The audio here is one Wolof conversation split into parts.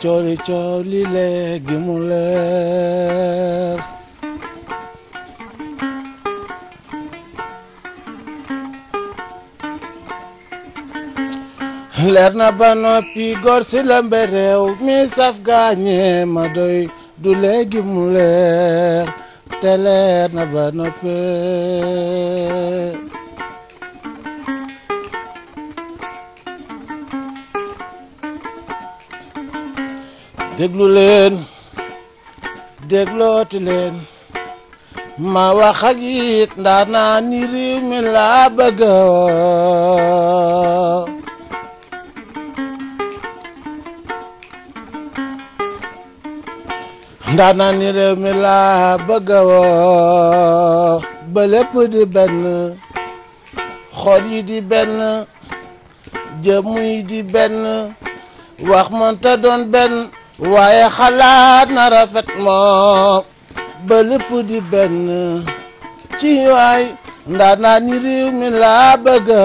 cooli cooli léegi leer leer na ba noppi góor si lembe réew mi saf gaañee ma doy du léegi leer te leer na ba noppee déglu leen déglooti leen ma wax ak it ndaa mi laa bëgga woo ba di benn xol yi di benn jëmm yi di benn wax mënta doon benn waaye xalaat na rafet moom ba di benn ci waay ndaa naa ni réew mi laa bëgga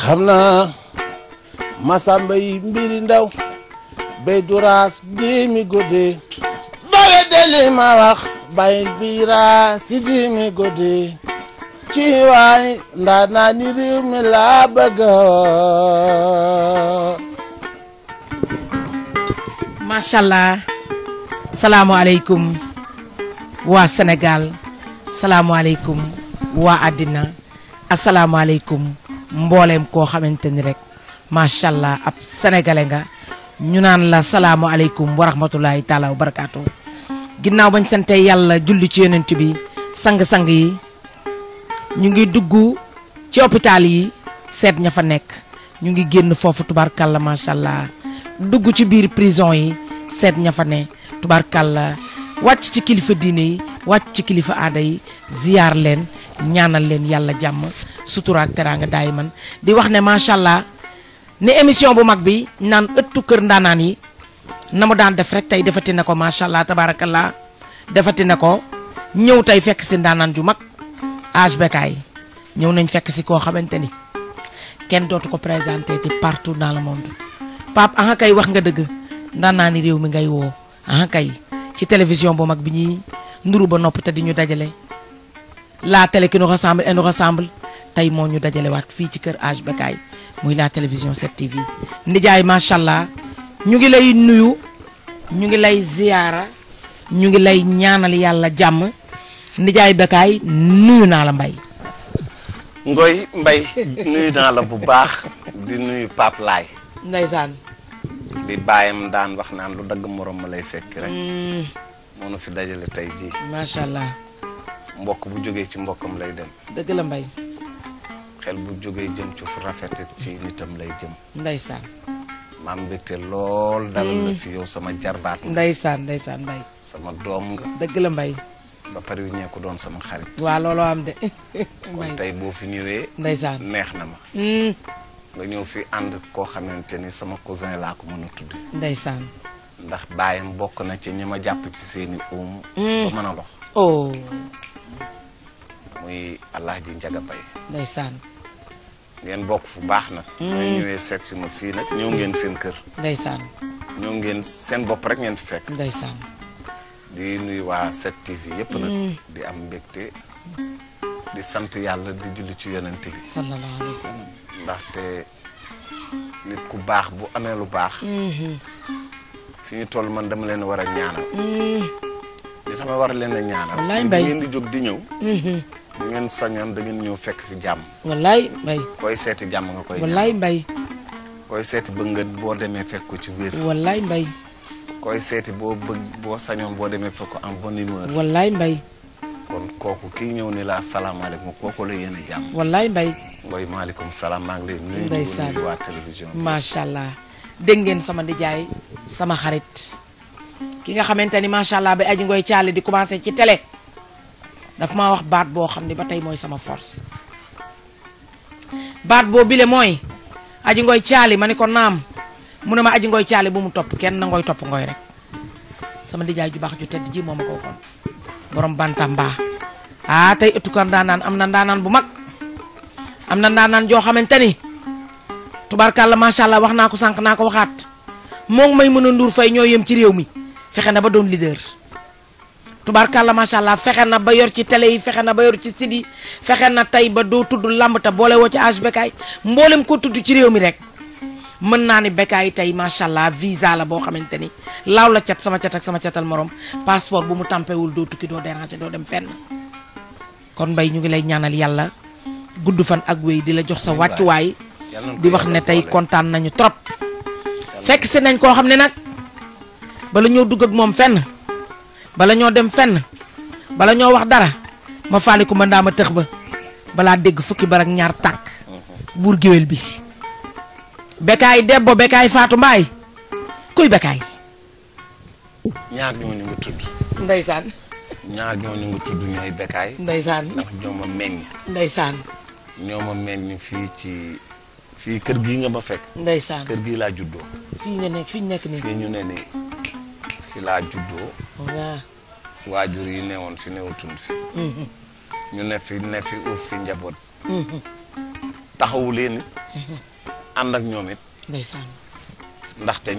xam naa masamba yi mbiri ndaw bay duraas déemi godde dale deli ma wax Bayelbira Sidimi Godé ci waay ndaanaan ni réew mi laa bëgg macha allah salaamualeykum waa Sénégal salaamualeykum waa àddina asalaamualeykum mbooleem koo xamante ni rek macha ab sénégalais nga ñu naan la salaamualeykum wa rahmatulahi taala wa barakaatu. ginnaaw bañ sante yàlla julli ci yeneent bi sang-sang yi ñu ngi dugg ci hôpital yi seet ña fa nekk ñu ngi génn foofu tubaarkàlla macha allah dugg ci biir prison yi seet ña fa ne tubaarkàlla wàcc ci kilifa diine yi wàcc ci kilifa aada yi ziyaar leen ñaanal leen yàlla jàmm suturaak ak teraanga daay man di wax ne macha allah ne émission bu mag bi naan ëttu kër ndaanaan yi na mu daan def rek tey defati na ko macha allah tabaarakallaa defati na ko ñëw tey fekk si ndaanaan ju mag age bekaay ñëw nañ fekk si koo xamante ni kenn dootu ko présenté di partout dans le monde Pape ah kay wax nga dëgg ndaanaani réew mi ngay woo ah kay ci télévision bu mag bi ñuy nduru ba nopp te di ñu dajale laa télé qui nous rassemble et nous tey moo ñu dajalewaat fii ci kër age bekaay muy la télévision 7TV nijaay macha allah ñu ngi lay nuyu ñu ngi lay ziyaara ñu ngi lay ñaanal yàlla jàmm nijaay Bécaye nuyu naa la mbay ngoy mbay nuyu naa la bu baax di nuyu Pape ndaysaan ndeysaan baayam daan wax naan lu dagg moroom ma lay fekk rek mm. moonu fi dajale tey jii macha allah mbokk bu jógee ci mbokkam lay dem dëgg la mbay xel bu jógee jëm ci fu rafet ci nitam lay jëm ndeysaan ma am mbégte lool. dalal la fi yow sama jarbaat nga. ndeysaan ndeysaan mbay. sama doom nga. dëgg la mbay. ba pare yu ñee ko doon sama xarit. waaw looloo am de. kon tey boo fi ñëwee. ndeysaan neex na ma. Mm. nga ñëw fi ànd koo xamante ni sama cousin laa ko mën a tudd. ndeysaan. ndax baayam bokk na ci ñi ma jàpp ci seeni uum. Mm. ba mën a oh. Njaga Bay. ngeen bokk fu baax na hmm. mooy ñëwee seet si ma fii nag ñëw ngeen seen kër. ndeysaan. ñëw ngeen seen bopp rek ngeen fekk. ndeysaan. di nuyu waa 7TV yëpp nag. Hmm. di am mbégte di sant yàlla di julli ci yonent bi. sallallahu alayhi ndaxte nit ku baax bu amee lu baax. Hmm. fi ñu toll man dama leen war a ñaanal. li tax war leen a ñaanal. ngeen di jóg di ñëw. bu ngeen sañoon da ngeen ñëw fekk fi jàmm. wallaay mbay. koy seeti jàmm nga mbay. koy seeti bëgg nga boo demee fekk ko ci wér. wallaay mbay. koy seeti boo bëgg boo sañoon boo demee fekk ko en bonne humeur. wallaay mbay. kon kooku kii ñëw ni la asalaamaaleykum kooku la yéen a jàmm. wallaay mbay. mbay maaleykum salaam maa ngi lay nuyu. ndeysaan nuyu waa télévision bi. macha allah dégg ngeen sama nijaay sama xarit ki nga xamante ni macha allah ba aji ngoy caale di commencé ci télé. daf ma wax baat boo xam ne ba tey mooy sama force baat boo bile mooy aji ngoy caali ma ne ko naam mu ne ma aji ngoy caali bu mu topp kenn na ngoy topp ngoy rek sama nijaay ju baax ju tedd ji moom ma ko waxoon borom bantamba ah tey ëttukan ndaanaan am na ndaanaan bu mag am na ndaanaan joo xamante ni tubaarkàlla macha allah wax naa ko sànq naa ko waxaat moom may mën a nduur fay ñoo yem ci réew mi fexe na ba doon leader. tubaarkàlla macha allah fexe na ba yor ci tele yi fexe na ba yor ci site yi fexe na tey ba doo tudd làmb boo boole woo ci âge Bécaye mboolem ko tudd ci réew mi rek mën naa ni Bécaye tey macha allah visa la boo xamante ni laaw la cat sama cat ak sama catal morom passeport bu mu tàmpewul doo tukki doo déranger doo dem fenn kon mbay ñu ngi lay ñaanal yàlla gudd fan ak wéy di la jox sa wàccuwaay di wax ne tey kontaan nañu trop fekk si nañ koo xam ne nag bala ñëw dugg ak moom fenn bala ñoo dem fenn bala ñoo wax dara ma faaliku ma ndaama tëx ba balaa dégg fukki barak ñaar tàkk mhm. buur géwél bi bekaay debbo bekaay faatu mbaay kuy bekaay ñaar ñooñu nga tudd ndeysaan ñaar ñooñu nga tudd ñooy bekaay ndeysaan ndax ñoo ma meññ fii ci fii kër gii nga ma fekk ndeysaan kër gi laa juddoo fii nga nekk fii ñu nekk nii fii ñu ne nii fi laa juddoo. waajur yi newoon fi newutuñ fi. Mm-hmm. ñu ne fi ne fi njaboot. Mm-hmm. taxawu leen it. Mm-hmm. ànd ak ñoom it. ndaxte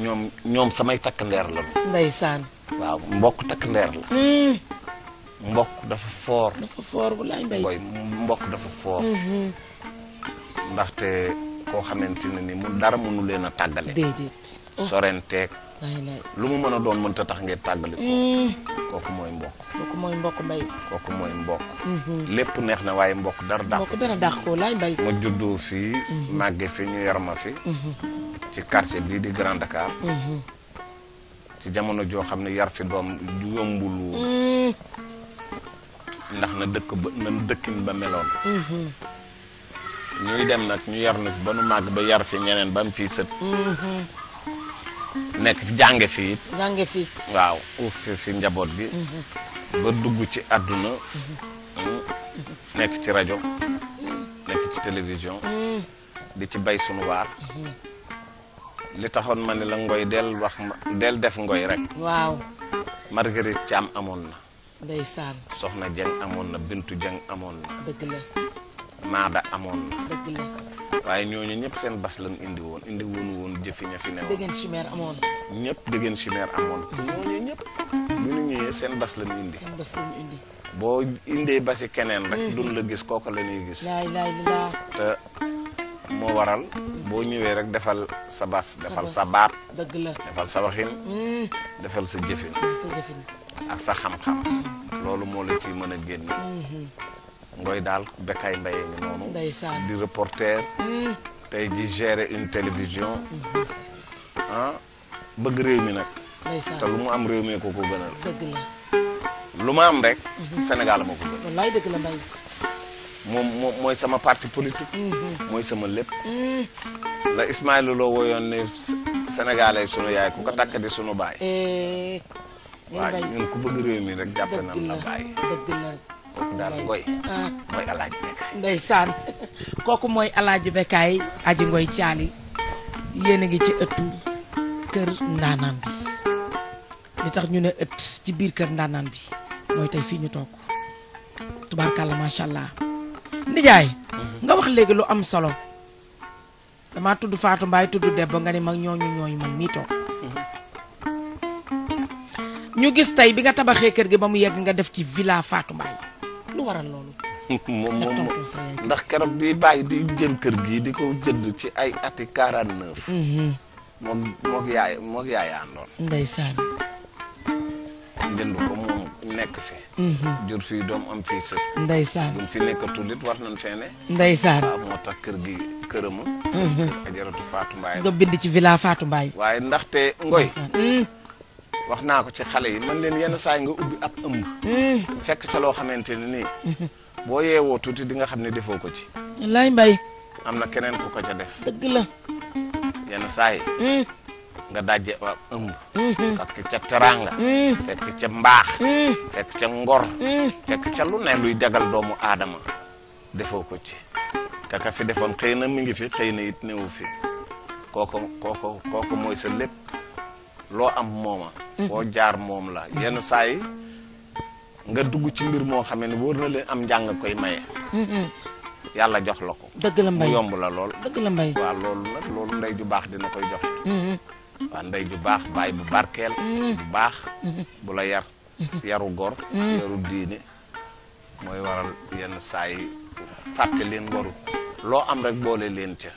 ñoom samay takk ndeer la ñu. ndeysaan. waaw mbokk takk ndeer la. Mm. mbokk dafa foor. dafa foor bu mbokk dafa foor. ndaxte koo xamante ne ni mu dara mënu leen a tàggale. déedéet oh. sorenteeg. lu mu mën a doon mënta tax ngay tàggali mm. kooku mooy mbokk kooku mooy mbokk mbay mm-hmm. lépp neex na waaye mbokk dara dàq mbokk dara dàq ko laay mbay ma juddoo fii mm-hmm. màgge fi ñu yar ma fi mm-hmm. ci quartier bii di Grand Dakar ci jamono joo xam ne yar fi doom yombul mm. ndax na dëkk ba na dëkkin ba meloon ñuy dem nag ñu yar na fi ba nu màgg ba yar fi ñeneen ba mu fii sët nekk jànge fi it. waaw uuf fi fi njaboot bi mhm. ba dugg ci àdduna. Mhm. Hmm? nekk ci rajo. nekk ci télévision. Hmm. di ci bay sunu mhm. li taxoon ma ne la ngoy del wax ma del def ngoy rek. waaw. Marguerite Thiam amoon na. ndeysaan. Soxna Dieng amoon na Bintu Dieng amoon na. Maada amoon na. waaye ñooñu ñëpp seen bas lañ indi woon indi woon woon jëfi ña fi ne woon. dëgën chimère amoon na. ñëpp dëgën chimère amoon na. ñooñu ñëpp seen bas lañ indi. seen bas boo indee basi keneen rek. Mm. duñ la gis kooku la ñuy gis. te moo waral. boo ñëwee rek defal sa bas. defal sa baat. dëgg la defal sa waxin. Mm. defal sa jëfin. ak sa xam-xam. loolu moo la ci mën a génn. Mm-hmm. ngoy daal Bécaye Mbaye ngi noonu di reporter hmm. tey di gérer une télévision hmm. ah, bëgg réew mi nag te lu mu am réew mi ko ko gënal lu ma am rek hmm. Sénégal ma ko gënal mooy sama parti politique mooy sama lépp la Ismaïla Lo woyoon ne Sénégalais sunu yaay ku ko takk di sunu baay eh. waaw ñun ku bëgg réew mi rek jàpp na la baay daal ngoy ah. mooy kooku mooy alaaji bekkaay aji ngoy caali yéen a ngi ci ëttu tax ñu ne ëtt ci biir kër ndaanaan bi mooy tey fii ñu toog tubaarkàlla macha allah nijaay mhm. nga wax léegi lu am solo dama tudd Fatou Mbaye tudd Debbo nga ni mag ñooñu ñooñu man mii toog mhm. ñu gis tey bi nga tabaxee kër gi ba mu yegg nga def ci villa Fatou lu waral loolu. moom moom ndax keroog bi bàyyi di jël kër gi di ko jënd ci ay ati quarante neuf. Mhm. moom moog yaay moog yaay àndoon. ndeysaan. jënd ko moom nekk fi. Mhm. jur fii doom am fii sër. ndeysaan buñ fi nekkatul it war nañ fee ne. ndeysaan moo tax kër gi kërëma. Mhm. ajaratu Fatou Mbaye nga bind ci villa faatu Mbaye. waaye ndaxte Ngoy. wax naa ko ci xale yi man leen yenn saay nga ubbi ab ëmb. Hmm. fekk ca loo xamante ne nii. boo yeewoo tuuti di nga xam ne defoo ko ci. laay am na keneen ku ko ca def. yenn saay hmm. nga dajje ab ëmb. Hmm. fekk ca teraanga. fekk ca mbaax. ca ngor. fekk ca lu ne luy jagal doomu aadama. defoo ko ci. kaka fi defoon xëy na mi ngi fi xëy na it newu fi. kooko kooko kooko mooy sa lépp. loo am mooma foo jaar moom la yenn saa nga dugg ci mbir moo xamee ne wóor na leen am njàng koy maye yàlla jox la ko dëgg la mbay mu yomb la lool dëgg la mbay waaw loolu nag loolu ndey ju baax dina koy joxe waaw ndey ju baax baay bu barkeel bu baax bu la yar yaru gor yaru diine mooy waral yenn saa yi fàtte leen ngoru loo am rek boole leen ca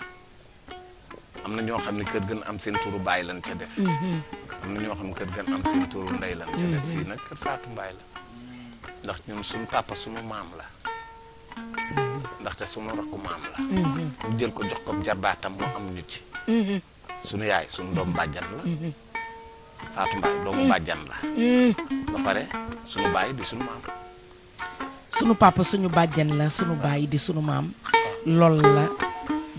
am na ñoo xam ne kër gën am seen turu baay lan ca def mm-hmm. am na ñoo xam ne kër gën am seen turu ndey lan ca def fii nag kër Fatou Mbaye la ndax ñun suñu papa suñu maam la mm-hmm. ndaxte suñu rakku maam la mm-hmm. ñu jël ko jox ko ci suñu yaay suñu doom bàjjan la Fatou la ba pare suñu baay di suñu maam sunu di sunu maam ah. lool la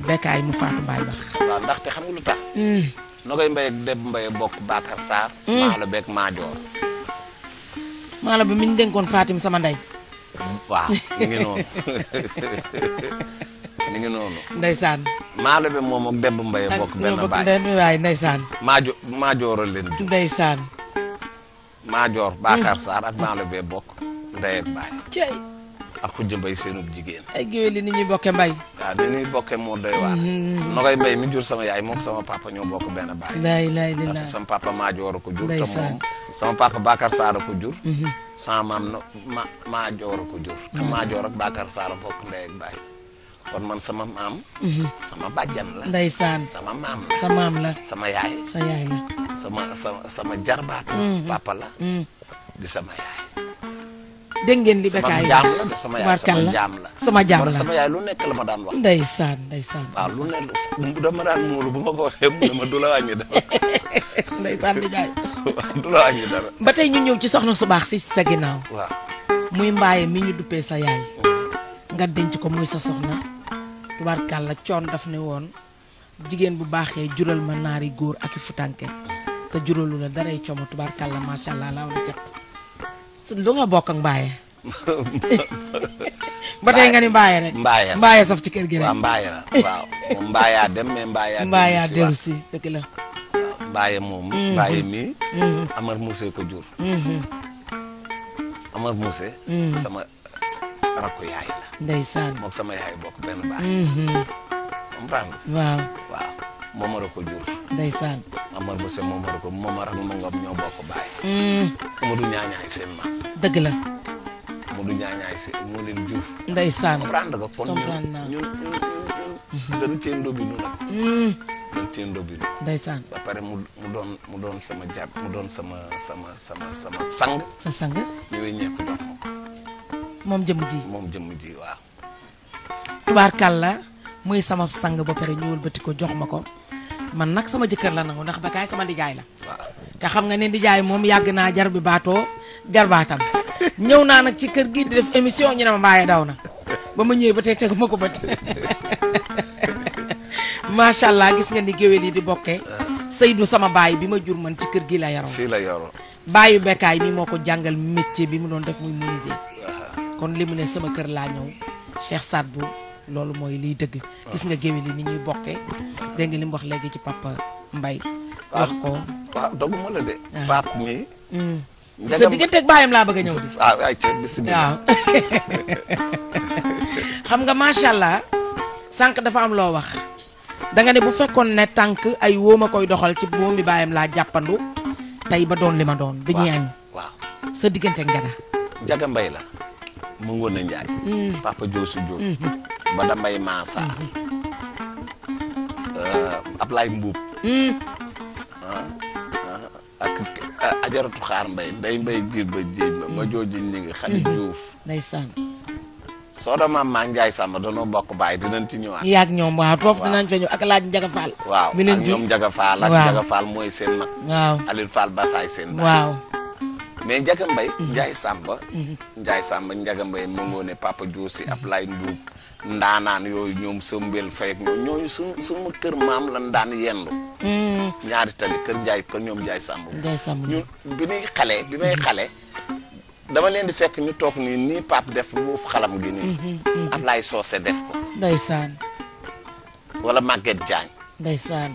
Bécaye mu Fatou Mbaye wax ndaxte xam nga lu tax. Hmm. Nogay Mbaye ak Deb Mbaye bokk Bakar Sarr. Maalo hmm. beeg Maajoor. Maalo bi mi ñu dénkoon Fatim sama ndey. waaw mi ngi noonu mi ngi noonu. ndeysaan. Maalo bi moom ak Deb Mbaye bokk. benn baay ak waay Maajoor leen jur. Hmm. ak Maalo bee bokk ndey baay. ak xujj bay seenub jigéen. ay géwél yi ni ñuy bokke mbay. a ni ñuy bokke moo doy waar. Mm-hmm. nogay mbay mi jur sama yaay moom sama papa ñoo bokk benn baay. laay laay laay ndax sama papa Maajoor a ko jur. sama papa Bakar Saar a jur. Mm-hmm. sama maam ma Maajoor a ko jur. te mm-hmm. Maajoor ak Bakar man sama maam. sama bàjjan la. ndeysaan sama maam la. sa maam la. sama yaay. sa sama sama sama jarbaat. papa la. di sama yaay. dégg ngeen li Bécaye sama jaam la sama yaay sama jaam la sama jaam la sama yaay lu nekk la ma daan wax. ndeysaan ndeysaan. waaw lu nekk dama daan muulu bu ma ko waxee ne ma du la wàññi dara. ndeysaan di jaay. du la wàññi dara. ba tey ñu ñëw ci soxna su baax si sa ginnaaw. waaw muy mbaaye mi ñu duppee sa yaay. Mm-hmm. nga denc ko muy sa soxna. tubaarkàlla coon daf ne woon jigéen bu baaxee jural ma naari góor ak i futanke te juralu la daray coomo tubaarkàlla macha la jot. lu nga bokk ak Mbaye. ba tey nga ni Mbaye rek. Mbaye Mbaye saf ci kër gi rek. waaw Mbaye la waaw moom Mbaye a dem mais Mbaye a. Mbaye a dellu si dëgg la. Mbaye moom. Mm-hmm. Mbaye mii. Mm-hmm. Amar Moussé ko jur. Mm-hmm. Amar Moussé. sama rakku yaay la. ndeysaan moom sama yaay bokk benn baay. waaw. Momar a ko jur. ndeysaan. Amar Moussa ko Momar ak Mangam bokk bàyyi. Modou mm. Ñaañaay seen ma. dëgg la. Modou Ñaañaay seen moo leen jur. ndeysaan mm. mu mu doon mu doon sama jàpp mu doon sama sama sama sang. sa sang. yooyu ñëpp jox ma ko. moom jëmm ji moom jëmm ji waaw. tubaarkàlla muy sama sang ba pare ñëwal bëti ko jox ma ko. man nag sama jëkkër la nangu ndax Bekaay sama nijaay la te xam nga ne nijaay moom yàgg naa jar bi baatoo jar baatam ñëw naa nag ci kër gi di def émission ñu ne ma mbaaye daw na ba ma ñëwee ba te tegu ma ko bët macha allah gis nga ni géwél yi di bokkee du sama baay bi ma jur man ci kër gi la yaroo fii la yaroo baayu bekkaay mi moo ko jàngal métier bi mu doon def muy menuisier kon li mu ne sama kër laa ñëw Cheikh Sadbou loolu mooy liy dëgg ah. gis nga géwél yi ni ñuy bokke dégg nga li mu wax léegi ci papa Mbaye ah. wax ko waaw ah, doguma de pap mi hmm. sa diggante baayam laa bëgg a ñëw di xam nga macha allah sànq dafa am loo wax danga ne bu fekkoon ne tànk ay wóom a koy doxal ci wóom bi baayam laa jàppandu tey ba doon li ma doon bi ñuy añ sa diggante ak Njaga Njaga Mbay la mu ngoon a njaay mm. papa joosu jóob ba mm-hmm. damay maasa mm-hmm. Ablaye Mbuub mm. ah, ah, ah, ak ajaratu xaar mbay nday mbay jiir ba jéej ba ma mm-hmm. jooju ñi ngi xarit Juuf ndeysaan soo da maam maa Njaay Sàmba danoo bokk baay dinañ ci ñëwaat ñoom waaw foofu dinañ fa ñëw ak laaj Njaga Faal waaw ak ñoom Njaga Faal ak Njaga Faal mooy seen nag waaw Alin Faal basaay seen waaw mais Ndiaga Mbaye mhm. Ndiaye Samba mhm. Ndiaye Samba Ndiaga Mbaye moo ne Papa Diouf si Ablaye Ndoub ndaanaan yooyu ñoom sa fa fay ak ñoom ñooñu kër maam la daan yendu mm. ñaari tali kër Ndiaye kër ñoom jaay Samba ñun bi nuy xale bi may xale dama leen di fekk ñu toog nii nii Pape def buuf xalam gi nii mhm, Ablaye Socé def ko ndeysaan wala Maguette Diagne ndeysaan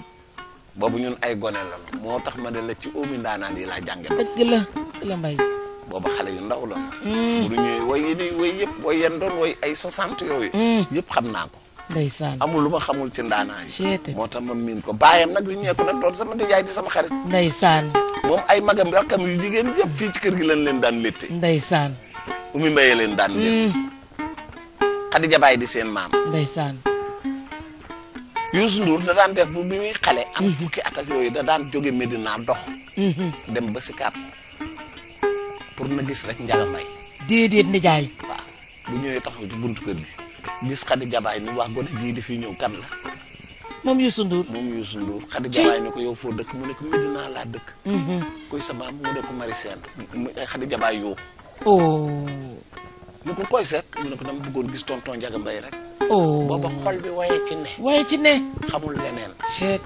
boobu ñun ay gone la moo tax ma ne la ci óomi ndaanaan yi laa jànge dëgg la dëgg la xale yu ndaw la bu ñu way yi way yëpp way yan doon ay soixante yooyu hmm. yëpp xam naa ko ndeysaan amul lu ma xamul ci ndaanaan yi moo tax ma miin ko baayam nag yu ñeeku nag doon sama nijaay di sama xarit ndeysaan moom ay magam rakkam yu jigéen yëpp fii ci kër gi lañ leen daan létte saan umi mbayee leen daan létt xadi hmm. jabaay di seen maam ndeysaan Youssou Ndour da daan def bu muy xale. am mhm. fukki at ak yooyu da daan jóge naa dox. Mhm. dem ba Sicap pour na gis rek Ndiaga Mbaye. déedéet Ndiaye. waaw bu ñëwee tax ci buntu kër gi gis Khady Jabaay ni wax gone gii di fi ñëw kan la. moom Youssou Ndour moom Youssou Ndour Khady Jabaay ni ko yow foo dëkk mu ne ko Medina laa dëkk. Mhm. kuy sa maam mu ne ko Marie Sène mu eh, Khady Jabaay oh. ko koy seet mu ne ko dama bëggoon gis tonton Ndiaga rek. oh booba xol bi waye ci ne. waye ci ne. xamul leneen. c'est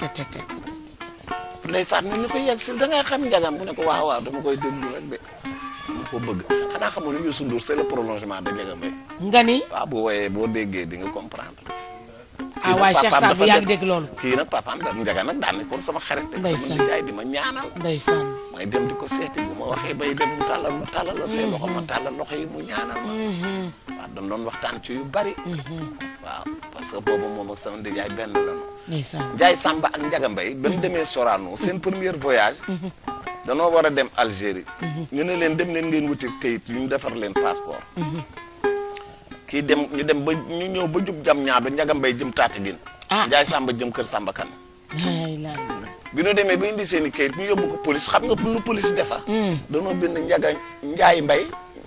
nday faat ni ni ko yegg si da ngaa xam njagam mu ne ko waaw waaw dama koy déglu rek de mu ko bëgg xanaa xamoon ni Youssou Ndour c'est le prolongement de njagam rek. nga ni. waaw bu woyee boo déggee di nga comprendre. ah waay Cheikh Sarr bu yaa ngi dégg loolu kii nag papaam da njaga nag daan nekkoon sama xarit teg sama nijaay di ma ñaanal ndeysaan dem di ko seeti ma waxee bay dem mu tàllal ma tàllal la mhm. mu ñaanal ma mhm. waaw dañ doon waxtaan ci yu bari mhm. waaw parce que boobu moom ak sama nijaay benn lañu Njaay Samba ak Njaga Mbay ba mu demee Sorano seen premier voyage danoo war a dem Algérie ñu ne leen dem leen ngeen wuti kayit yu ñu defar leen passeport kii dem ñu dem ba ñu ñëw ba jub jam ñaar ba njagam bay jëm taati bin ah. njaay sàmba jëm kër sàmba kan bi ñu demee ba indi seen i kayit ñu yóbbu ko police xam nga lu police defa hmm. danoo bind njaga njaay mbay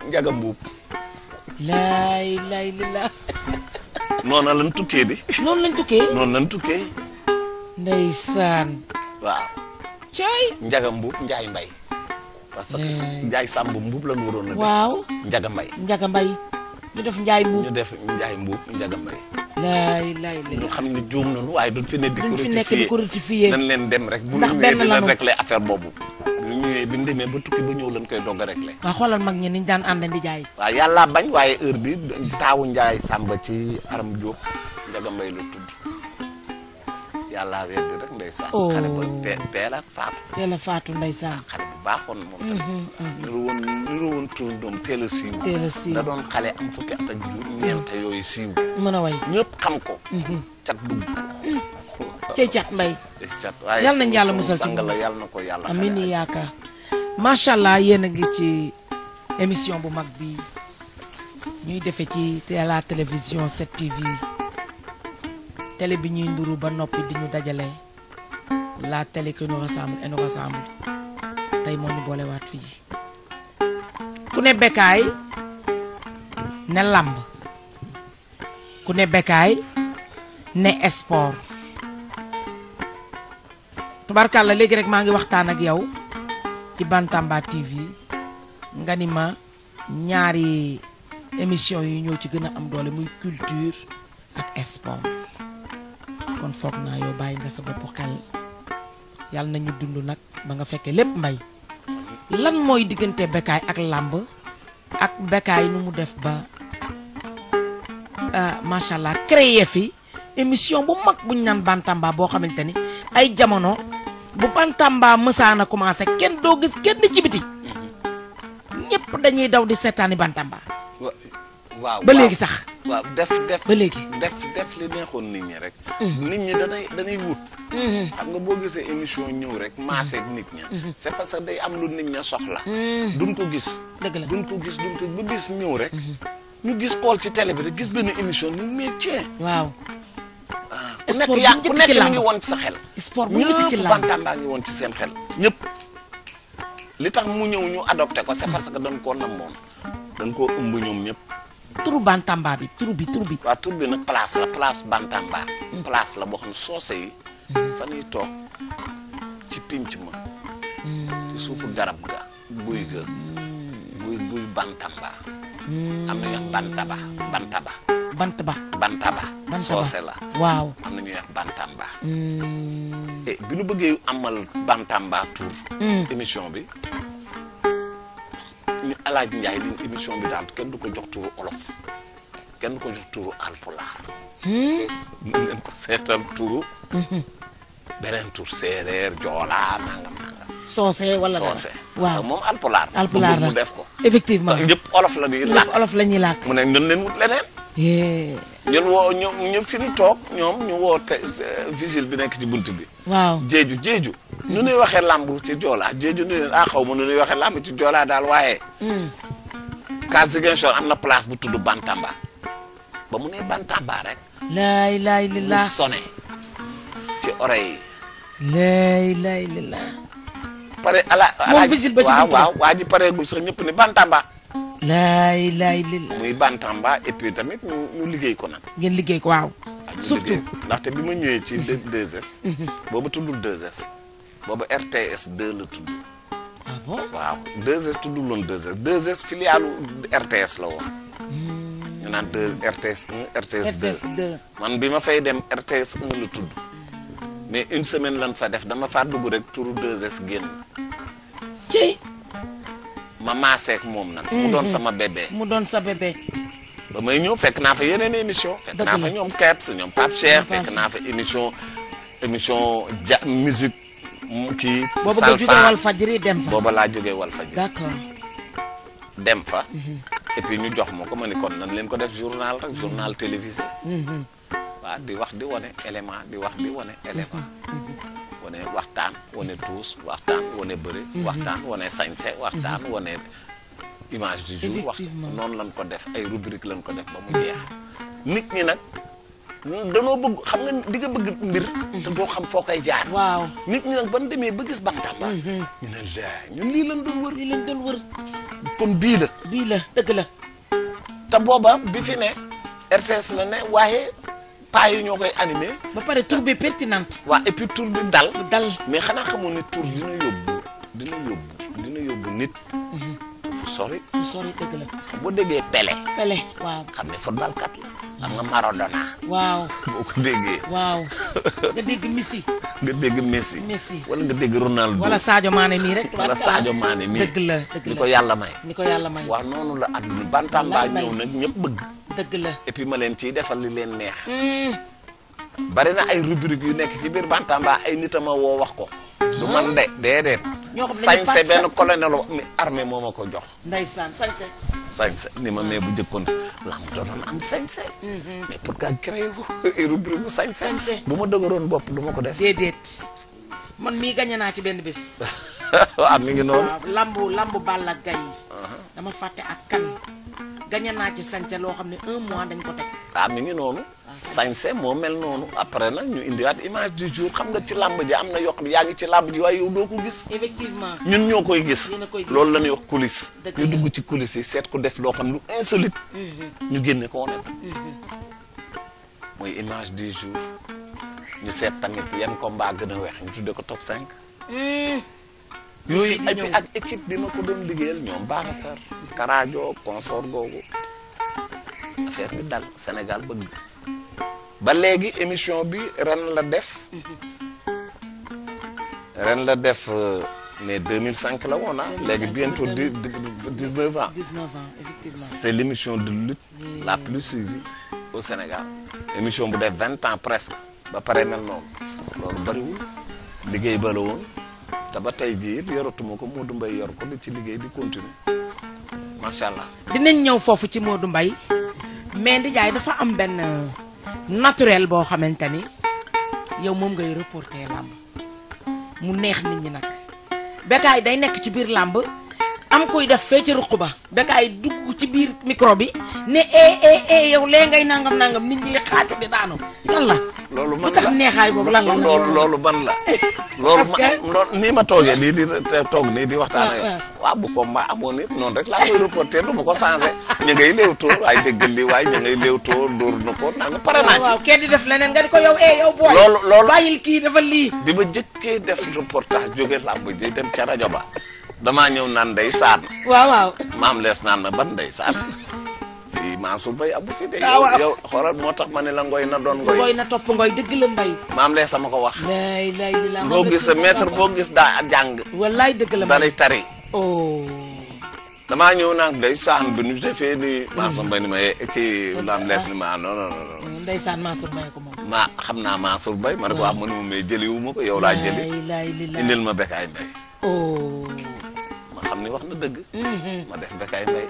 njaga mbuub laay laay li la noona lañ tukkee di lañ tukkee noonu lañ tukkee ndeysaan waaw njaay mbay parce que njaay sàmba mbuub lañ waroon na njaga mbay njaga mbay ñu def njaay mbuub ñu def njaay mbuub njaga mbay laay laay laay ñu xam ne juum nañu waaye duñ fi ne di ko rectifier nañ leen dem rek bu ñu ñëwee dina affaire boobu bu ñëwee bi ñu demee ba tukki ba ñëw lañ koy dogg régler waaw xoolal mag ñi niñ daan ànd di jaay waaw yàllaa bañ waaye heure bi taawu njaay sàmba ci aram Diop njaga mbay la tudd yàlla weddi rek ndeysaan. Oh. xale ba teel a faatu. teel a faatu ndeysaan. Ah, xale bu baaxoon moom tamit. Mm-hmm, mm-hmm. niru woon niru woon turandoom teel a siiw. teel a siiw da doon xale am fukki at ak juróom ñeent yooyu siiw. mën a way ñëpp xam ko. Mm-hmm. cat dugg. cey cat mbay. cey cat waaye yal nañu yàlla musal ci sang la yal na ko yàlla. amiin ni yaakaar macha allah yéen a ngi ci émission bu mag bi ñuy defee ci la télévision 7TV. télé bi ñuy nduru ba noppi di ñu dajale la télé qui nous rassemble et nous rassemble tey moo ñu boolewaat fii ku ne bekkaay ne làmb ku ne bekkaay ne sport la léegi rek maa ngi waxtaan ak yow ci Bantamba TV nga ni ma ñaari émission yi ñoo ci gën a am doole muy culture ak sport kon foog naa yow bàyyi nga sa bopp xel yàlla ñu dund nag ba nga fekkee lépp mbay lan mooy diggante Bécaye ak làmb ak Bécaye nu mu def ba ah, macha allah créé fi émission bu mag bu ñu naan Bantamba boo xamante ni ay jamono bu Bantamba mësaana commencé kenn doo gis kenn ci biti ñëpp dañuy daw di seetaani Bantamba. ba léegi sax. waaw def def ba def def li neexoon nit ñi rek. Mhm. nit ñi danay danay wut. Mhm. xam nga boo gisee émission ñëw rek maaseeg nit ña. Mhm. c'est parce que day am lu nit ña soxla. duñ ko gis. dëgg la duñ ko gis duñ ko ba bis ñëw rek. ñu gis xool ci tele bi rek gis benn émission ñu métier. waaw. Ah, sport bu njëkk ci ku nekk yaa ku nekk mi ngi woon ci sa xel. sport bu njëkk woon ci seen xel ñëpp. li tax mu ñëw ñu adopté ko c'est parce que dañ koo moom dañ koo ëmb ñoom ñëpp. turu bantambaa bi turu bi turu bi. waaw turu bi nag place la place bantamba. place la boo xam ne soose yi. fa ñuy toog ci pinc ma. ci suufu garab ga. guy ga guy guy bantamba. am na ñuy wax bantaba la. waaw am na ñuy wax bantamba. Hmm. Eh, bi nu bëggee amal bantamba tour hmm. émission bi. ñu Alaaji Njaay liñ émission bi daal kenn du ko jox turu olof kenn du ko jox turu alpulaar hmm? mun ngeen ko seetal turu mhm. beneen tur séeréer joolaa nangam nangam soose wala soose waaw moom alpulaar alpulaar mu def ko effectivement ñëpp olof la ñuy làkk olof la mu ne ñun leen wut leneen ñun woo ñoom ñu fi toog ñoom ñu woo te euh, bi nekk ci bunt bi waaw jeeju jeeju nu nuy waxee làmb ci joolaa jéeju ah, xaw ma nu nuy waxee làmb ci joolaa daal waaye. Kaas hmm. Ziguinchor am na place bu tudd Bantamba ba mu ne Bantamba rek. laay laay li la mu sone ci oreille pare ala moom visite waaw waaw waa ji pareegul sax ñëpp ni Bantamba. laay laay li la. muy Bantamba et tamit ñu liggéey ko nag. ngeen liggéey ko waaw. surtout ndaxte bi ma ñëwee ci 2S. boobu tuddul 2S. boobu RTS 2 la tudd. ah bon waaw 2S tuddul woon 2 filialu RTS la woon. Hmm. ñu naan 2 RTS RTS 2. man bi ma fay dem RTS 1 la tudd. mais une semaine lan fa def dama faa dugg rek turu 2S génn. ma maaseek moom nag. mu doon hmm. sama bébé. mu doon sa bébé. ba may ñëw fekk naa fa yeneen émission fekk naa fa ñoom Kebs ñoom Pape Cheikh fekk naa fa émission émission ja musique. ci. salsa booba nga jógee Walfadjri dem fa. booba laa jógee Walfadjri. d'accord. dem fa. Mhm. et ñu jox ma ko ma ni kon nan leen ko def journal rek journal mhm. télévisé. Mhm. waaw di wax di wane élément di wax di wane élément. wane waxtaan wane tuus waxtaan wane bëre. waxtaan wane sañse waxtaan wane image du jour. wax noonu lañ ko def ay rubrique lañ ko def ba mu jeex nit ñi nag. danoo bëgg xam nga di nga bëgg mbir. te doo xam foo koy jaar. waaw nit ñi nag ban demee ba gis Bantamba. Mhm. ñu ne la ñun lii lan doon wër. lii lañ doon wër. pom bii la. bii la dëgg la. ta booba bi fi ne. RTS la ne waaye paa yi ñoo koy animé. ba pare tur bi pertinente. waaw et puis tur bi dal. dal xanaa xamoon ne tur dina yóbbu dina yóbbu dina yóbbu nit. Mhm. fu sori. fu sori dëgg la. boo déggee Pelé. Pelé waaw xam ne football kat la. xam nga maro waaw boo ko déggee. waaw nga dégg Messi. nga dégg Messi. nga dégg Ronaldo. wala Sadio Mané mii ni ko yàlla may. ni ko yàlla may waaw noonu la àdduna bantamba ñëw nag ñëpp bëgg. dëgg ma leen ciy defal li leen neex. Hmm. bari na ay rubrique yu nekk ci biir bantamba ay nitama woo wax ko. du man de déedéet. ñoo xam ne sañse benn colonel armée moo ma ko jox. ndeysaan sañse. sañse ni ma mais bu njëkkoon la mu doon am sañse. Mhm. mais pour que créé ko rubrique bu sañse. bu ma dëgëroon bopp duma ko def. déedéet man mii gañe naa ci benn bés. waaw ah, mi ngi noonu. waaw lambu lambu Balla Gaye. Uh-huh. dama fàtte ak kan gañe naa ci sañse loo xam ne un mois dañ ko teg. waaw ah, mi ngi noonu. sañse moo mel noonu après nag ñu indiwaat image du jour xam nga ci làmb ji am na yoo xam yaa ngi ci làmb ji waaye yow doo ko gis. effectivement ñun ñoo koy gis. loolu la ñuy wax coulisse. ñu dugg ci coulisse yi seet ko def loo xam lu insolite. Mhm. ñu génne ko mhm. image du jour seet tamit yan combat gën a weex ñu tuddee ko top 5. Mhm. yooyu et puis ak équipe bi ma ko doon liggéeyal ñoom Babacar. Karaajo consort googu affaire bi dal Sénégal bëgg. ba léegi émission bi ren la def ren la def euh, mais 2005 la woon ah. léegi bientôt dix dix neuf ans. dix neuf ans effectivement. c' est l' émission de lutte la plus suivie au Sénégal. émission bu def vingt ans presque. ba pare mel noonu. loolu bëriwul liggéey ba woon te ba tey jii it yoratuma ko Modou Mbaye yor ko di ci liggéey di continuer macha allah. dinañ ñëw foofu ci moo Mbaye mais Ndiaye dafa am benn. Euh, naturel boo xamante ni yow moom ngay reporter làmb mu neex nit ñi nag Bécaye day nekk ci biir làmb am koy def fee ci ruq ba Bécaye dugg ci biir micro bi ne eh eh eh yow lee ngay nangam nangam nit ñi xaaju di daanu lan la. loolu man la la loolu loolu ban la. loolu ma ma toogee nii di toog nii di waxtaan ak ah, yow. Ah. bu ko ma amoon it noonu rek laa koy reporté du ma ko changé. ñu ngay léew tóor waaye déggal li waaye ñu ngay léew tóor dóor na ko naa nga pare naa ci. Ah, waaw kenn di def di ko yow eh yow. booy loolu loolu bàyyil kii dafa lii. bi ma jëkkee def reportage jóge làmb ji dem ca rajo ba damaa ñëw naan day saan maam lees naan ma ban day saan fii Mansour Mbaye abu fi de ah, moo tax ma ne la ngoy na doon ngoy topp ngoy dëgg la mbay maam lee sama ko wax boo gis sa maître boo gis daa jàng wallaay dëgg la danay tari oh damaa ñëw nag ndeysaan bi ñu defee ni mm. Mansour Mbaye ni ma eh, kii laam lees ni ma ah, non non non mm, ndeysaan Mansour Mbaye ko moom ma xam naa Mansour Mbaye ma ne ko wax ah, ma ne ma mais jëliwu ma ko yow laa jëli indil ma Bécaye Mbaye oh. ma xam ni wax na dëgg mm-hmm. ma def Bécaye Mbaye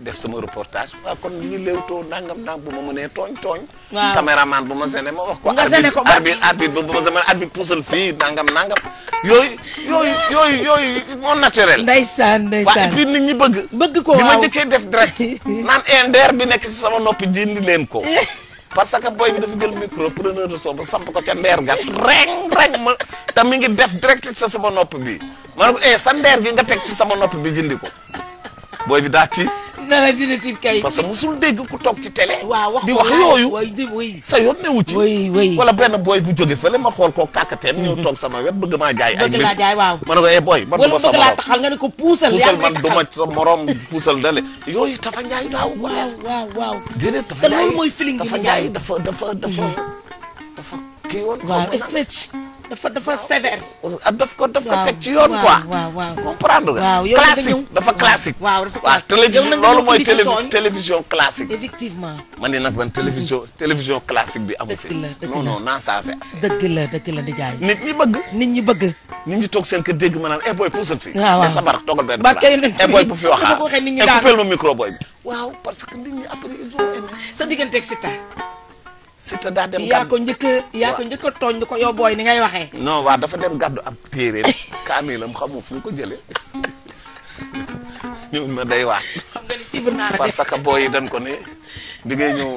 def sama reportage waaw kon ñu ngi léewtoo nangam nang bu ma mënee tooñ tooñ. waaw caméraman bu ma sene ma wax ko. nga sene ko ba arbitre arbitre bu ma sene arbitre fii nangam nangam yooyu. yooy yooy moon moo naturel. ndeysaan ndeysaan waaye puis nit ñi bëgg. bëgg ko bi ma njëkkee def direct naan indeer eh, bi nekk si sama noppi jindi leen ko. parce que booy bi dafa jël micro preneur de son ba samp ko ca ndeer ga reng reng ma ta mi ngi def direct sa sama nopp bi ma ne ko eh sa ndeer gi nga teg ci sama nopp bi jëndi ko boy bi daa dana dina tiit kay. parce que musul dégg ku toog ci télé. waaw wax di wax yooyu. sa yoon newu ci. wala benn booy bu jóge fële ma xool ko kàkkateen. ñëw toog sama wet bëgg maa jaay. ay mbir bëgg laa jaay waaw. ma ne ko eh boy man ma sa morom wala bëgg laa taxal nga ne ko puusal. yaa ngi may taxal puusal man du ma sa morom puusal dale. yooyu Tafa Ndiaye daaw ko def. waaw dafa dafa dafa dafa kii woon. waaw stretch dafa dafa sévère. Ah, daf ko daf ko teg ci yoon dafa classique. waaw waaw télévision mooy télé télévision classique. effectivement. man ni nag man télévision télévision classique bi amu fi. non non naa saase affaire. dëgg la dëgg la ñi bëgg. nit ñi bëgg. nit ñi toog seen kër dégg ma naan eh boy puusal fii. waaw eh, waaw sabar toogal benn plat. eh boy bu fi waxaa eh coupé ma micro bi. waaw parce que nit ñi après ils ont aimé. sa digganteeg Siteu daa dem. gàddu yaa ko njëkk yaa ko tooñ ko yow booy ni ngay waxee. non waa dafa dem gàddu ab téere kaamilam xamu fu mu ko jëlee ma day waat. xam nga yi dañ ko ne bi ngay ñëw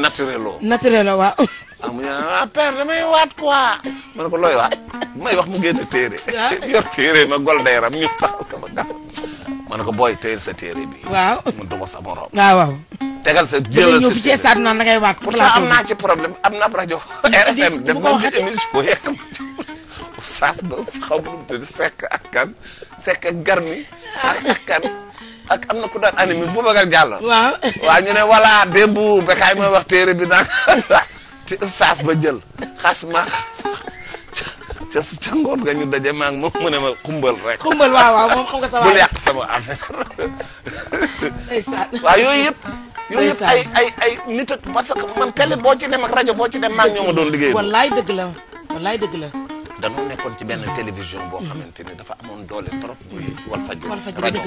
naturel loo. naturel loo waaw. Ah, ah, waat quoi. ma ne ko looy waat may wax mu génn téere. yor téere ma gol day ram ñu taxaw sama gàtt. ma ko booy téyel sa téere bi. waaw man duma sa morom. waaw waaw. tegal sa jëlal sa ci estade naan da ngay waat pourtant am naa ci problème am na rajo RFM def nañ ci émission yekk xaw ma nu mu tudd sekk ak kan sekk na ku daan animé ñu ne voilà démb bekaay wax téere bi nag ba jël xas ma ca su cangoon ñu daje maa ngi moom mu ne ma xumbal rek. xumbal waaw waaw moom xam yooyu yëpp ay ay ay nit ak parce que man télé boo ci dem ak rajo boo ci dem maa ngi ñoo ma doon liggéey wallaay dëgg la wallaay dëgg la dañoo nekkoon ci benn télévision boo xamante ni dafa amoon doole trop muy Walfadjri rajo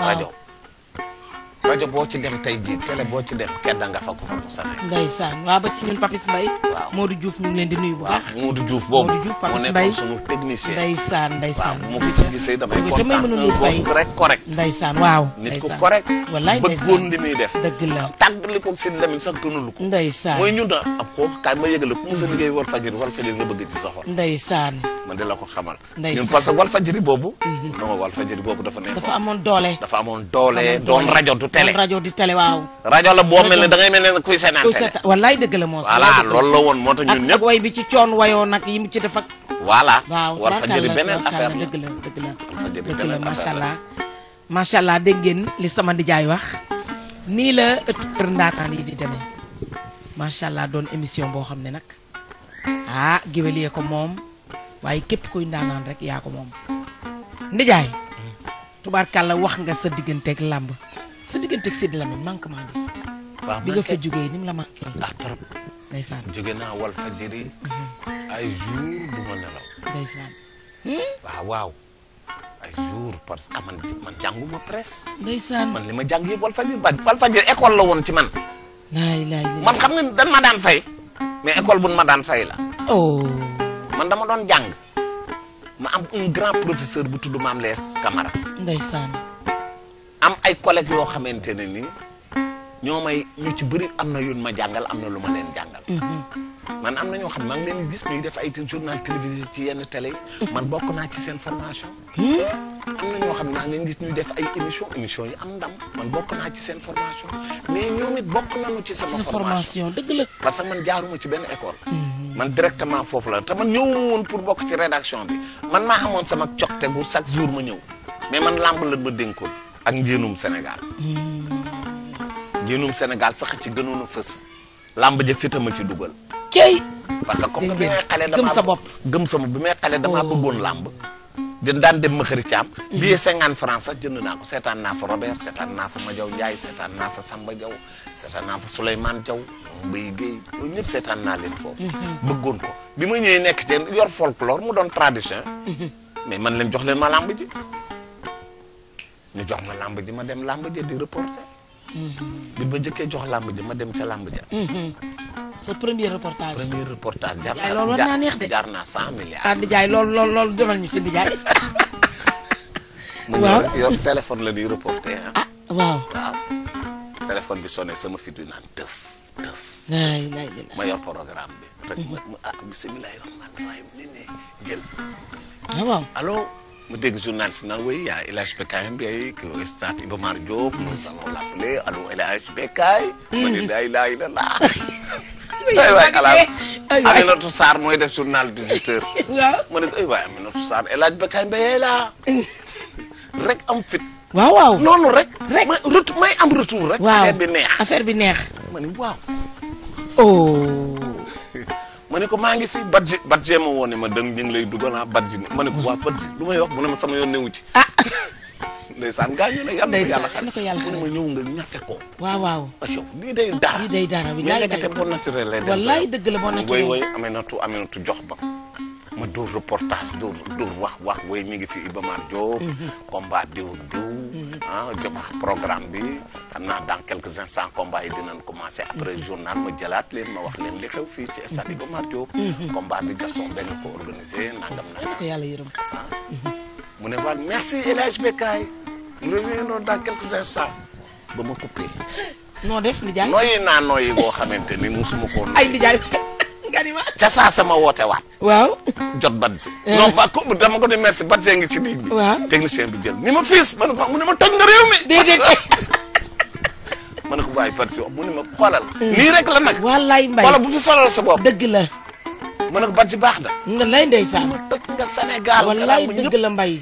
rajo rajo boo ci dem tey jii télé boo ci dem kedda nga fa ko fa mu sa nekk. ndeysaan waaw ba ci ñun Papis Mbaye. waaw Modou Diouf ñu ngi leen di nuyu bu baax. waaw Modou boobu Modou Diouf Papis Mbaye mu nekkoon sunu def. dëgg la si Lamine sax gënalu ko. mooy ñun daal ab koo kaay ma yëgale ku sa liggéey war fajiri war fajiri nga bëgg ci sa xol. ndeysaan man de la ko xamal. parce que wal fajiri boobu. Mhm. non wal fajiri boobu dafa neexoon. télé rajo di télé waaw. rajo la boo mel ne da mel ne kuy seenaan télé. wallaay dëgg la moo sax. voilà loolu la woon moo tax ñun ñëpp ak way bi ci yi mu ci def ak. voilà war fa jëri beneen affaire la dëgg la dëgg la. war fa macha allah. macha allah dégg li sama nijaay wax. nii la ëttu kër ndaataan yi di demee. macha doon émission boo xam ne nag. ah géwél ko moom. waaye képp kuy ndaanaan rek yaa ko moom. nijaay. Hmm. wax nga sa digganteeg làmb sa digganteeg Sidi Lamine manquement bi. waaw bi nga fa jógee ni mu la manqué. ah trop. ndeysaan jóge naa wal fajiri. Mhm. ay jour du ma nelaw. ndeysaan. Hmm? Hmm? waaw waaw. ay jour parce que man man jànguma presse. man li ma jàng yëpp wal fajiri ba wal fajiri école la woon ci man. laay laay man xam nga dan ma daan fay. mais école buñ ma daan fay la. oh. man dama doon jàng. ma am un grand professeur bu am lees Less Camara. ndeysaan. am ay collègues yoo xamante ne nii ñoo may ñu ci bëri am na yoon ma jàngal am na lu ma leen jàngal. Mm-hmm. man am na ñoo xam maa ngi leen di gis ñuy def ay journal télévisé ci yenn télé yi. Mm-hmm. man bokk naa ci seen formation. Mm-hmm. am xam ne maa ngi leen gis ñuy def ay émission émission yi am ndam man bokk naa ci seen formation mais ñoom it bokk nañu ci sama formation dëgg la parce que man jaaruma ci benn école man directement foofu la te man ñëwuma woon pour bokk ci rédaction bi man maa amoon sama cogte bu chaque jour ma ñëw mais man làmb la ma ko ak njéenum Sénégal njéenum Sénégal sax a ci gënoon a fës làmb ja ma ci dugal cey parce que comme bi may xale dama sa bopp gëm sa bopp may xale damaa oh. bëggoon làmb din daan dem ma xëri caam billet cinquante francs sax jënd naa ko seetaan naa fa Robert seetaan naa fa ma Madiaw njaay seetaan naa fa Samba Diaw seetaan naa fa Souleymane Diaw Mbaye Guèye ñoom ñëpp seetaan naa leen foofu mm-hmm. bëggoon ko bi ma ñëwee nekk ci yor folklore mu doon tradition mm-hmm. mais man leen jox leen ma làmb ji ñu jox ma làmb ji ma dem làmb ja di reporter. Mm-hmm. bi ba jëkkee jox làmb ji ma dem ca làmb ja. Mm-hmm. sa premier reportage. premier reportage jar naa lool war naa neex de jar naa cent milliards. ah Ndiaye ñu ci Ndiaye. waaw mu yor téléphone la ñuy reporter ah. ah waaw téléphone bi sonné sama fit wi naan tëf tëf. naay programme bi. rek ma ah bisimilah rahmaani rahiim ni ne jël. ah waaw mu dégg journaliste naan woy yaa El Hadj Becaye Mbaye ko stade Iba Mar Diop nous mm. allons l'appeler allo El Hadj Becaye ma mm. ne day laay la laa ay waay alaaj Aminata Sarr mooy def journal 18 heures waaw ma ne ay waay Aminata Sarr El Hadj Becaye Mbaye laa rek am fit waaw waaw noonu rek rek may retour may am retour rek affaire bi neex affaire waaw oh ma ko maa ngi fi Badji Badji ma woo ne ma dang ñu ngi lay dugal ah Badji ma ne ko waa Badji lu may wax mu ma sama yoon newu ci. ah. ndeysaan gaañu ne yàlla yàlla xam mu ne ma ñëw nga ñafe ko. waaw waaw. yow lii day dara lii day dara bi laay mais bon naturel lay dem. dëgg la bon naturel woy amee na tu jox ba. ma dóor reportage dóor dóor wax wax woy mi ngi fi Iba Mar Diop mm-hmm. combat diw diw mm-hmm. ah jox programme bi xam naa dans quelques instants combat yi dinañ commencé après mm-hmm. journal ma jëlaat leen ma wax leen li xew fii ci stade Iba Mar Diop combat bi Gaston benn ko organisé nangam na yàlla yërëm ah. mu ne waal merci El Hadj Becaye nous reviendrons dans quelques instants ba ma coupé noo def Ndiaye nooyi xamante ni musuma ko ma. ca saa sama woote waat. waaw. jot Badji. Eh. non ba ko dama ko di merci Badji ngi ci ligne bi. waaw technicien bi jël ni ma fiis ma ne ko mu ne ma toj nga réew mi. ma ne ko bàyyi Badji wax mu ne ma xoolal. lii eh. rek la nag. wallaay mbay xoolal bu fi solal sa bopp. dëgg la. ma ne ko Badji baax na. nga lay ndeysaan. ma toj nga Sénégal. wallaay dëgg la mbay.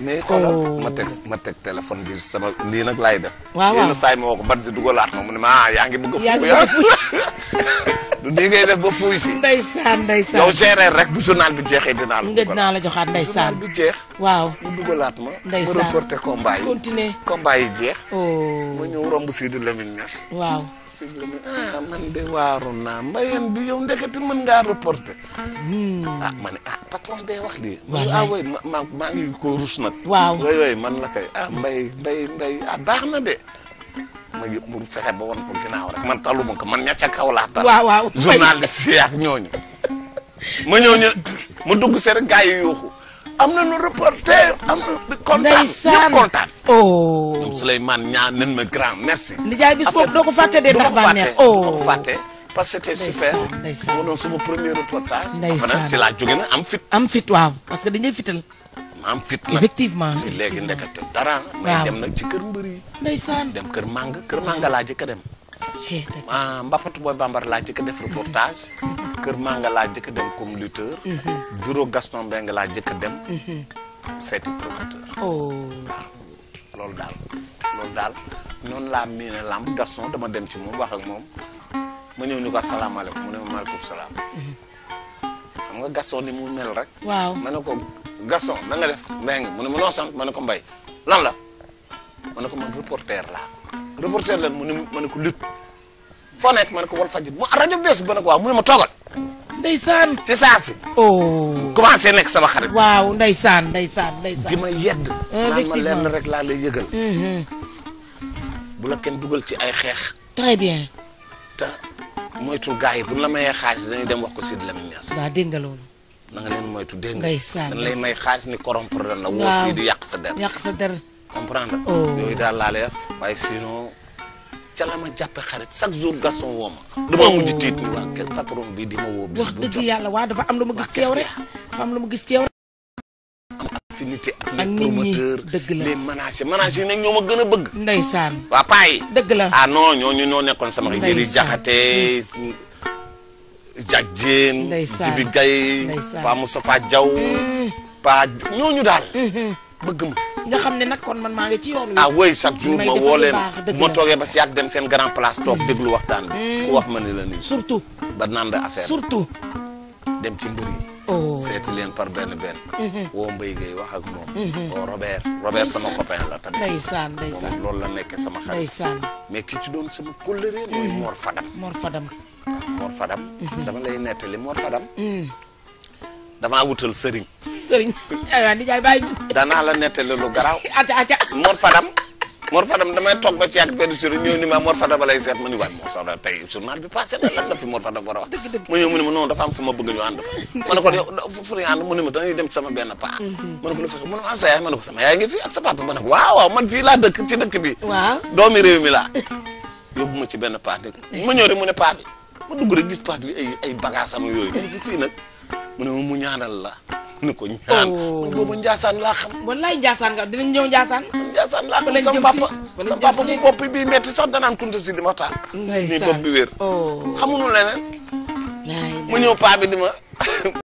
mais xoolal oh. ma teg ma teg téléphone bi sama lii nag laay def. waaw saay moo saa yi ma woo ko ma mu ne ma ah, yaa ngi bëgg a. yaa ngi ah. bëgg a fuuy du nii ngay def ba yow gérer rek bu journal bi jeexee dinaa la. dinaa la joxaat ndeysaan journal bi jeex. waaw mu dugalaat ma. ndeysaan ma reporté combat yi continué combat jeex. Oh. ma ñëw romb Sidi Lamine Niass. waaw. si bu ne man de waaru naa mbayeen bi yow ndekete mën ngaa reporté hmm. ah ma ne ah bee wax lii ah way ma maa ngi ko rus nag waaw way man la kay ah mbay mbay mbay ah baax na de ma yëpp mu fexe ba wan ko ginnaaw rek man taluma ko man ña ca kaw laa tal waaw waaw journaliste yi ma ñëw ma dugg rek gaa yuuxu am nañu reporter am nañu kontaan ñëpp kontaan. oh ñoom Souleymane ñaan nañ ma grand merci. nijaay bis boobu doo ko fàtte de ndax bànneex oh doo ko fàtte parce que c'était super. ndeysaan moo doon sama premier reportage. jóge na am fit. am fit waaw parce que dañuy fital. am fit nag effectivement léegi ndekete dara. waaw may dem nag ci kër mbër yi. ndeysaan dem kër màng kër màng laa jëkk a dem. ah mbappatu booy bambara laa jëkk def reportage kër Manga laa jëkk dem comme lutteur mhm. bureau Gaston Mbengue laa jëkk dem mhm. seeti promoteur oh. waaw daal loolu daal noonu laa miine lamb Gaston dama dem ci moom wax ak moom ma ñëw ni ko asalaamaaleykum mu ne ma maaleykum salaam mhm. xam nga Gaston ni mu mel rek ma ne ko Gaston da nga def Mbengue mu ne ma noo sant ma ne ko Mbaye lan la ma ne ko man reporter laa reporter lan mu ne ma ne ko lutte foo nekk ma ne ko wal fajit mu rajo bees ba ne waaw mu ne ma toogal. ndeysaan. ci saa si. oh. commencé nekk sama xarit. waaw ndeysaan ndeysaan ndeysaan. di ma yedd. naan ma leen rek laa la yëgal. Mm-hmm. bu la kenn dugal ci ay xeex. très bien. te moytul gars yi bu la mayee xaalis dañuy dem wax ko Sidi Lamine Niass. waaw dégg nga loolu. na nga leen moytu lay may xaalis ni corrompre la. waaw woo Sidi yàq sa der. yàq sa der. comprendre oh. yooyu daal laa lay wax waaye sinon ca jàppe xarit chaque jour Gaston woo ma dama mujj oh. tiit ni waa quel patron bi di ma woo bis bu yàlla waa dafa am lu ma gis ci yow rek am lu ma gis ci yow rek am affinité ak les gën a bëgg ndeysaan waa paa yi dëgg la ah non ñooñu ñoo nekkoon sama xarit jëli jaxate jag jéen jibi gay pa Moustapha eh. ñooñu daal mm-hmm. bëgg ma nga xam ne nag kon man maa ngi ci yoon wi. ah oui chaque jour ma woo leen ma toogee ba si yàgg dem seen grand place toog mm. déglu waxtaan bi. Mm. ku wax ma ne la nii. surtout ba naan la affaire surtout. dem ci mbir yi. Oh. seeti leen par benn benn. Mm-hmm. woo Mbaye Gueye wax ak moom. Mm-hmm. woo Robert Robert sama copain la tamit. ndeysaan ndeysaan moom loolu la nekkee sama xarit. ndeysaan mais ki ci doon sama kóllëre. mooy mm. Mor Fadam. Mor Fadam. waaw ah, Mor Fadam. Mm-hmm. dama lay nettali Mor Fadam. damaa wutal sëriñ. sëriñ aywa eh, di jaay bàyyi. danaa la nettali lu garaaw. aca aca Mor Fadam. Mor Fadam damay toog ba ci ak benn sëriñ ñëw ni ma Mor Fadam balay seet ma ni tey journal bi passé na lan la fi Mor Fadam war a wax. dëgg dëgg ma ñëw bëgg ñu ànd fa. benn paa. Mhm. ma ne ko lu ah, ngi fi ak sa papa ma ne ko waaw waaw man fii laa dëkk ci dëkk bi. doomi réew mi la yóbbu ma ci benn paa dëgg ma ñëw rek mu paa bi ma dugg rek gis paa bi ay ay bagage am yooyu fii nag mu ne ma mu ñaanal la mu ne ko ñaan oh. man boobu Ndiassane laa xam. wallaay Ndiassane nga dinañ ñëw Ndiassane. Ndiassane laa xam sama papa sama papa bu bopp bi metti sax danaan Kunta si di ma taal. nii bopp bi wér. Oh. xamuñu leneen. mu ñëw paa bi